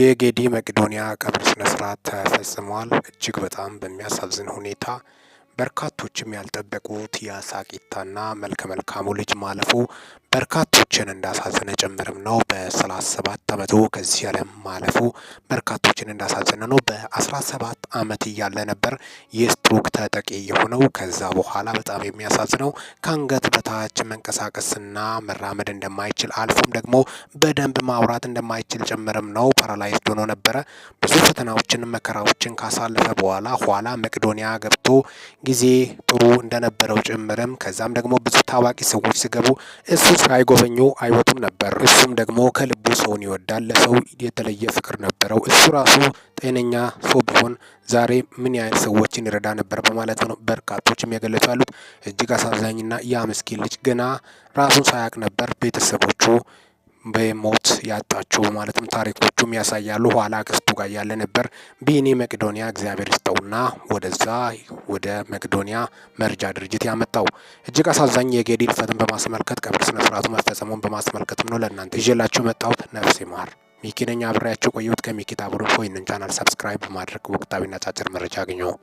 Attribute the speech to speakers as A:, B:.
A: የጌዲ መቄዶንያ ቀብር ስነ ስርዓት ተፈጽሟል። እጅግ በጣም በሚያሳዝን ሁኔታ በርካቶችም ያልጠበቁት የሳቂታና መልከ መልካሙ ልጅ ማለፉ በርካቶችን እንዳሳዘነ ጭምርም ነው። በ37 ዓመቱ ከዚህ ዓለም ማለፉ በርካቶችን እንዳሳዘነ ነው። በ17 ዓመት እያለ ነበር የስትሮክ ተጠቂ የሆነው። ከዛ በኋላ በጣም የሚያሳዝነው ከአንገት በታች መንቀሳቀስና መራመድ እንደማይችል አልፎም ደግሞ በደንብ ማውራት እንደማይችል ጭምርም ነው። ፓራላይዝድ ሆኖ ነበረ። ብዙ ፈተናዎችን መከራዎችን ካሳለፈ በኋላ ኋላ መቅዶኒያ ገብቶ ጊዜ ጥሩ እንደነበረው ጭምርም ከዛም ደግሞ ብዙ ታዋቂ ሰዎች ሲገቡ እሱ ሳይጎበኙ አይወጡም ነበር። እሱም ደግሞ ከልቡ ሰውን ይወዳል። ለሰው የተለየ ፍቅር ነበረው። እሱ ራሱ ጤነኛ ሰው ቢሆን ዛሬ ምን ያህል ሰዎችን ይረዳ ነበር በማለት ነው በርካቶችም የገለጹ ያሉት። እጅግ አሳዛኝና ያ ምስኪን ልጅ ገና ራሱን ሳያውቅ ነበር ቤተሰቦቹ በሞት ያጣችው ማለትም ታሪኮቹም ያሳያሉ። ኋላ ክስቱ ጋር ያለ ነበር ቢኒ መቅዶኒያ እግዚአብሔር ይስጠውና ወደዛ ወደ መቅዶኒያ መርጃ ድርጅት ያመጣው። እጅግ አሳዛኝ የጌዲ ልፈትን በማስመልከት ቀብር ስነ ስርዓቱ መፈጸሙን በማስመልከትም ነው ለእናንተ ይዤላችሁ መጣሁት። ነፍስ ይማር። ሚኪነኛ ነኝ አብሬያችሁ ቆየሁት። ከሚኪ ታቦሮ ይህንን ቻናል ሰብስክራይብ በማድረግ ወቅታዊና ጫጭር መረጃ አግኘው።